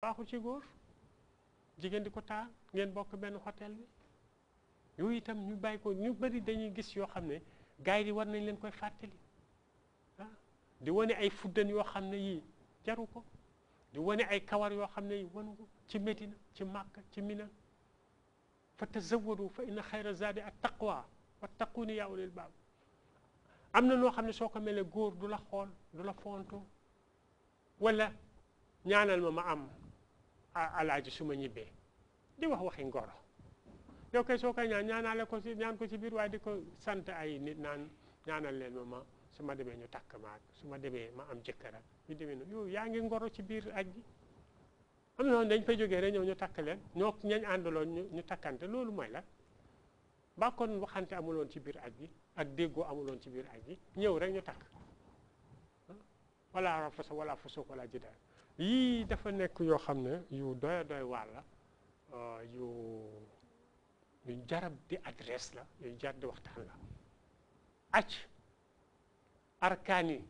baaxul ci góor jigéen di ko taal ngeen bokk benn hôtel bi yooyu itam ñu bàyyi ko ñu bëri dañuy gis yoo xam ne gars yi di war nañ leen koy fàttali ah di wane ay fuddan yoo xam ne yii jaru ko di wane ay kawar yoo xam ne yii wanu ko ci Medina ci Màkka ci Mina fa tazawwadu fa inna xayra zaadi at taqwa wattaquuni ya ulil baab am na noo xam ne soo ko melee góor du la xool du la fonto wala ñaanal ma ma am alaaji su ma ñibbee di wax waxi ngoro yow soo koy ñaan ñaanale ko si ñaan ko ci biir waaye di ko sant ay nit naan ñaanal leen ma ma su ma demee ñu takk maag su ma demee ma am jëkkëra ñu demee noonu yow yaa ngi ngoro ci biir aj gi am na dañ fay jógee rek ñëw ñu takk leen ñoo ñañ àndaloon ñu takkante loolu mooy la ba amuloon ci biir aj gi ak déggoo amuloon ci biir aj gi ñëw rek ñu takk wala rafasa wala fusuq wala jidaal yii dafa nekk yoo xam ne yu doy doy waar la euh, yu yu jarab di adresse la yu jar di waxtaan la ac arkaan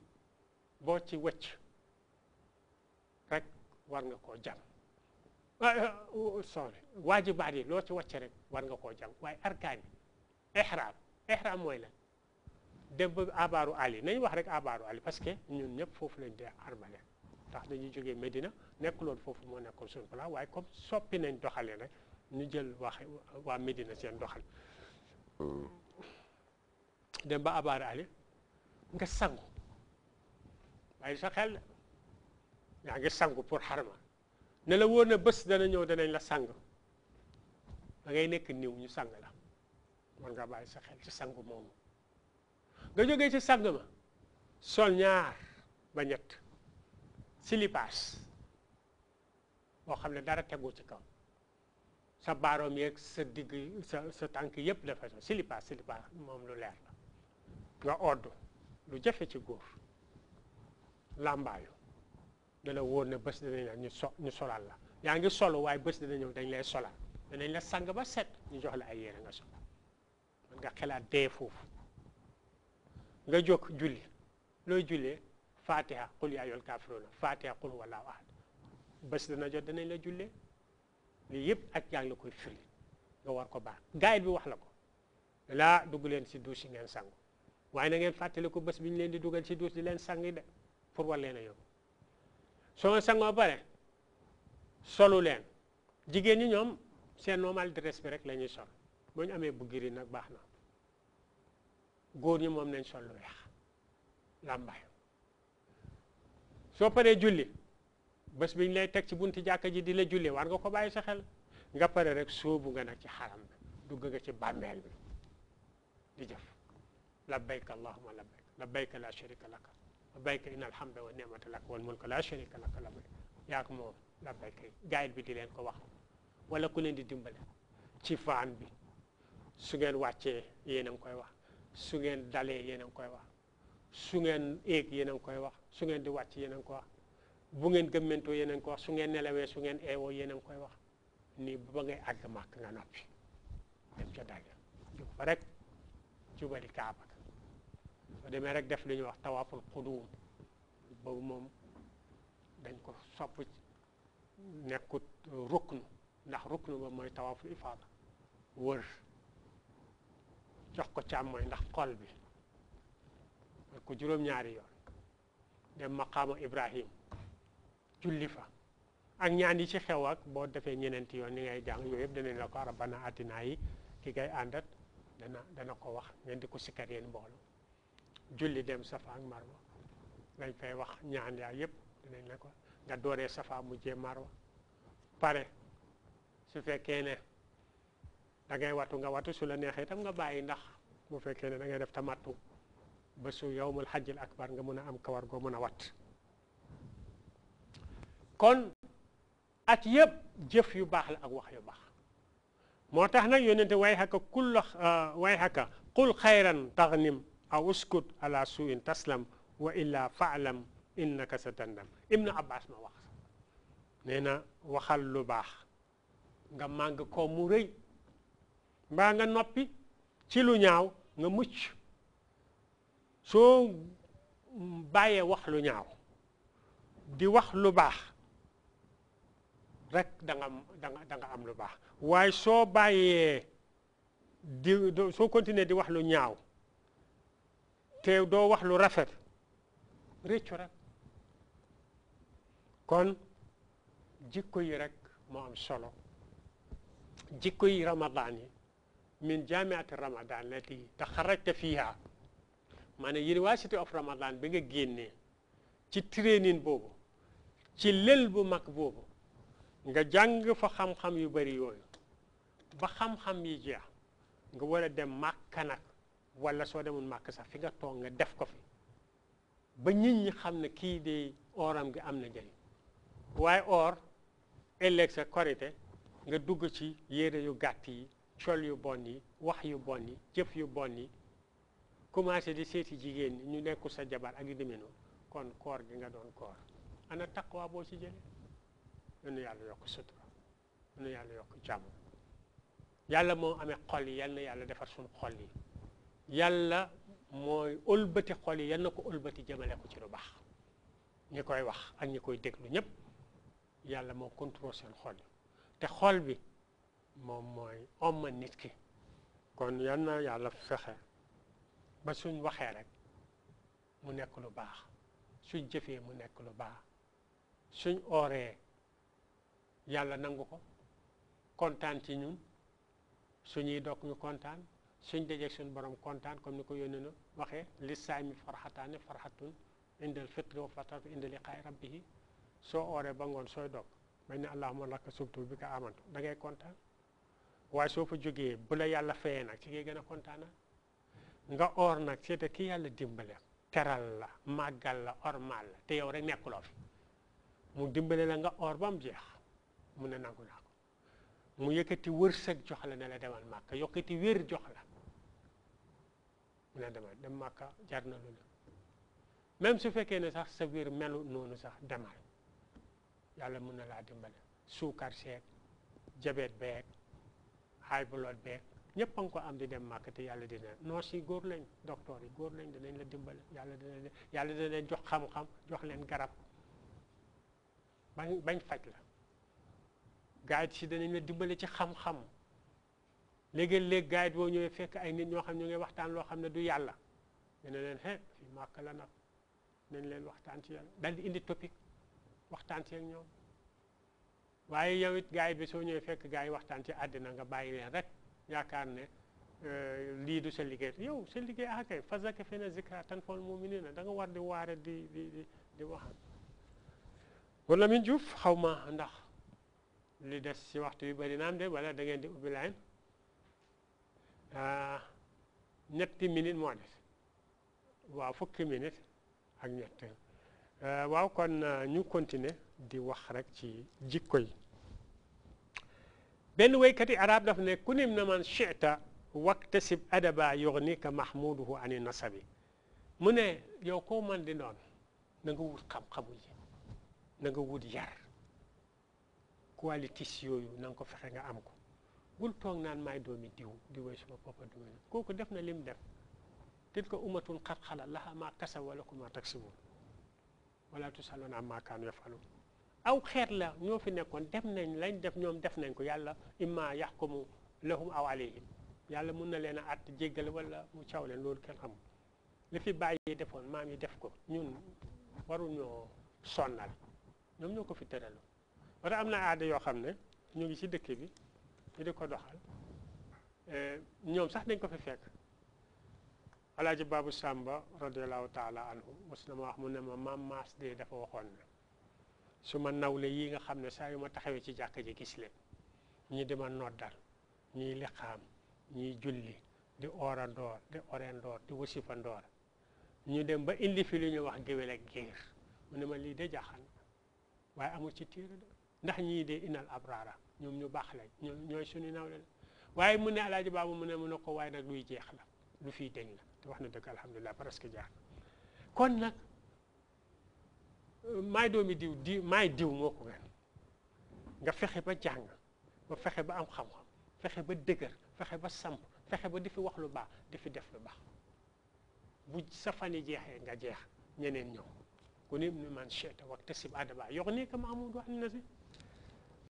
boo ci wëcc rek war nga koo jàng euh, euh, sorry waajibaat yi loo ci wàcc rek war nga koo jàng waaye arkaan yi ihraam ihraam mooy lan démb abaaru ali nañu wax rek abaaru ali parce que ñun ñëpp foofu lañ dee armale ndax dañuy jóge Medina nekk loolu foofu moo nekkoon suñu plan waaye comme soppi nañ doxalee rek ñu jël wax waa Medina seen doxal dem ba abaar ali nga sangu waaye sa xel yaa ngi sangu pour xarma ne la woo na bés dana ñëw danañ la sang dangay nekk niw ñu sang la war nga bàyyi sa xel ci sangu moomu nga jógee ci sang ma sol ñaar ba ñett silipaas boo xam ne dara tegu ci kaw sa baaroom yeeg sa digg sa tànk yépp dafa so silipaas silipaas moom lu leer la nga odd lu jafe ci góor làmbaayu dala wóor na bës dana ñu solal la yaa ngi solu waaye bés dana ñëw dañ lay solal danañ la sang ba set ñu jox la ay yére nga solal man nga xelaat dee foofu nga jóg julli looy jullee fatiha qul yaa ayyuhal kaafiruuna fatiha qul wallaahu ahad bés dana jot danañ la jullee lii yëpp ak yaa ngi la koy firi nga war ko baax gaayit bi wax la ko laa dugg leen si duus yi ngeen sangu waaye na ngeen fàttali ko bés bi ñu leen di dugal si duus di leen sangi de pour war leen a yóbbu soo nga sangoo pare solu leen jigéen ñi ñoom seen normal dress bi rek la ñuy sol boo ñu amee bu giri nag baax na góor ñi moom nañ sol lu weex làmbaay soo paree julli bés biñ lay teg ci bunti jàkka ji di la julli war nga ko bàyyi sa xel nga pare rek sóobu nga nag ci xaram bi dugg nga ci bàmmeel bi di jëf labbayka allahuma labbayk labbayka la sharika laka labbayka inna alhamda wa nimata laka wal mulka la sharika laka labbayk yaa ko moom labbayka gaayit bi di leen ko wax wala ku leen di dimbale ci faan bi su ngeen wàccee yéen a ngi koy wax su ngeen dalee yéen a ngi koy wax su ngeen éeg yéen a ngi koy wax su ngeen di wàcc yéen a ko wax bu ngeen gëmmentoo yéen a ko wax su ngeen nelawee su ngeen eewoo yéen a koy wax nii ba ngay àgg màkk nga noppi dem ca dagg jub jubali kaaba ga soo demee rek def lu ñuy wax tawaaful xuduum boobu moom dañ ko sopp nekkut ruknu ndax rukk ruknu ba mooy tawaaful ifaada wër jox ko mooy ndax xol bi def ko juróom-ñaari yoon dem maqaama Ibrahim julli fa ak ñaan yi ci xew ak boo defee ñeneenti yoon ni ngay jàng yooyu yëpp danañ la ko rabbana atina yi ki ngay àndat dana ko wax ngeen di ko sikkar yéen mbooloo julli dem safa ak marwa lañ fay wax ñaan yaa yëpp danañ la ko nga dooree safa mujjee marwa pare su fekkee ne da ngay nga watu su la neexee itam nga bàyyi ndax bu fekkee ne da def tamattu بسو يوم الحج الأكبر نجمو نعم كوار جمو نوات كون أتيب جف يباح الأغوخ يباح موتاحنا يوننت ويحكا كل آه، ويحكا قل خيرا تغنم أو اسكت على سوء تسلم وإلا فعلم إنك ستندم ابن عباس ما وقت نينا وخل لباح نجمو نعم كوموري ba nga noppi ci lu ñaaw nga mucc so baye wax lu ñaaw di wax lu baax rek da nga danga da nga am lu baax waaye soo bàyyee di soo continuer di wax lu ñaaw te doo wax lu rafet réccu rek kon jikko yi rek moo am solo jikko yi ramadaan yi min jaamiati ramadaan lati taxarajta fiiha maanaam University of Ramadan bi nga génnee ci training boobu ci lël bu mag boobu nga jàng fa xam-xam yu bari yooyu ba xam-xam yi jeex nga war a dem màkka nag wala soo demul màkk sax fi nga toog nga def ko fi ba nit ñi xam ne kii de oram gi am na njëriñ waaye or ëllëg sa korite nga dugg ci yére yu gàtt yi col yu bon yi wax yu bon yi jëf yu bon yi commencé di seeti jigéen ñi ñu nekkul sa jabar ak yu demee noonu kon koor gi nga doon koor ana taqwa boo ci jëlee yal yàlla yokk sutura yal yàlla yokk jàmm yàlla moo amee xol yi yal yàlla defar suñu xol yi yàlla mooy ëlbati xol yi yal ko ëlbati jëmale ko ci lu baax ñi koy wax ak ñi koy déglu ñëpp yàlla moo contrôle seen xol yi te xol bi moom mooy omma nit ki kon yal na yàlla fexe ba suñ waxee rek mu nekk lu baax suñ jëfee mu nekk lu baax suñ ooree yàlla nangu ko kontaan ci ñun suñuy dokk ñu kontaan suñ dajeeg suñ borom kontaan comme ni ko yónnee na waxee li saami farxataani farxatun indal fitri wa fatratu indal liqaay rabbihi soo ooree ba ngoon sooy dog mel ni moo lakka subtu bi ka amantu da ngay kontaan waaye soo fa jógee bu la yàlla fayee nag ci ngay gën a kontaanaa nga or nag seeta ki yàlla dimbale teral la màggal la ormal la te yow rek nekkuloo fi mu dimbale la nga or ba mu jeex mu ne nangu naa mu yëkkati wërsëg jox la ne la demal màkka yokkati wér jox la mu ne demal dem makka jar na lu la même su fekkee ne sax sa wér melu noonu sax demal yàlla mun na laa dimbale suukar seeg jabet beeg high blood beeg ñëpp a ko am di dem màkk te yàlla dina noor si góor lañ docteur yi góor lañ danañ la dimbale yàlla dina yàlla dina leen jox xam-xam jox leen garab bañ bañ faj la gaayit si danañ la dimbale ci xam-xam léegi-léeg gaayit boo ñëwee fekk ay nit ñoo xam ñu ngi waxtaan loo xam ne du yàlla ñu ne leen he fi màkk la nag dañ leen waxtaan ci yàlla dal di indi topic waxtaan ci ak ñoom waaye yow it gaayit bi soo ñëwee fekk gaay yi waxtaan ci àddina nga bàyyi leen rek يكون لدينا سلجات يو سلجات هكذا فزاكا فينا زكاه فول مؤمنين دغوار دوار دي دي دي دي من دي دي دي دي دي دي دي دي دي دي دي من دي دي نتي مينيت مودس وا فوكي مينيت اك benn woykati arab daf ne ku nim na man chita waktasib adaba yugnika mahmuduhu ani nasabi mu ne yow koo man di doon na nga wut xam-xamu yi na nga wut yar qualités yooyu na nga ko fexe nga am ko bul toog naan maay doomi diw di woy suma papa diw kooku def na lim def tilka ummatun qad xalat laha ma kasab wa lakum ma taksibun wala tusalun amma kanu yafalun aw xeet la ñoo fi nekkoon def nañ lañ def ñoom def nañ ko yàlla imma yaxkumu lahum aw alayhim yàlla mun na leen a àtt jéggal wala mu caw leen loolu kenn xam li fi bàyyi yi defoon maam yi def ko ñun waru waruñoo sonnal ñoom ñoo ko fi tëralu wala am na aada yoo xam ne ñu ngi ci dëkk bi ñu di ko doxal ñoom sax dañ ko fi fekk alaaji babu sàmba radiallahu taala anhu mos na ma wax mu ne ma maam maas de dafa waxoon na suma nawle yi nga xam ne saa yu ma taxawee ci jàkk ji gis leen ñi di ma noddal li liqaam ñiy julli di oorandoor di orendoor di wasifandoor ñu dem ba indi fi lu ñu wax géwél ak géer mu ne ma lii de jaaxal waaye amul ci téere de ndax ñii de inal abrara ñoom ñu baax lañ ñooy suñu nawle la waaye mu ne alaaji baabu mu ne mu ne ko waaye nag luy jeex la lu fiy deñ la te wax na dëgg alhamdulilah presque jaax kon nag maay doomi diw di maay diw moo ko gën nga fexe ba jàng ba fexe ba am xam-xam fexe ba dëgër fexe ba samp fexe ba di fi wax lu baax di fi def lu baax bu sa fan yi jeexee nga jeex ñeneen ñëw ku ne ibnu man cheta wak tasib adaba yox nii ma amul wax na si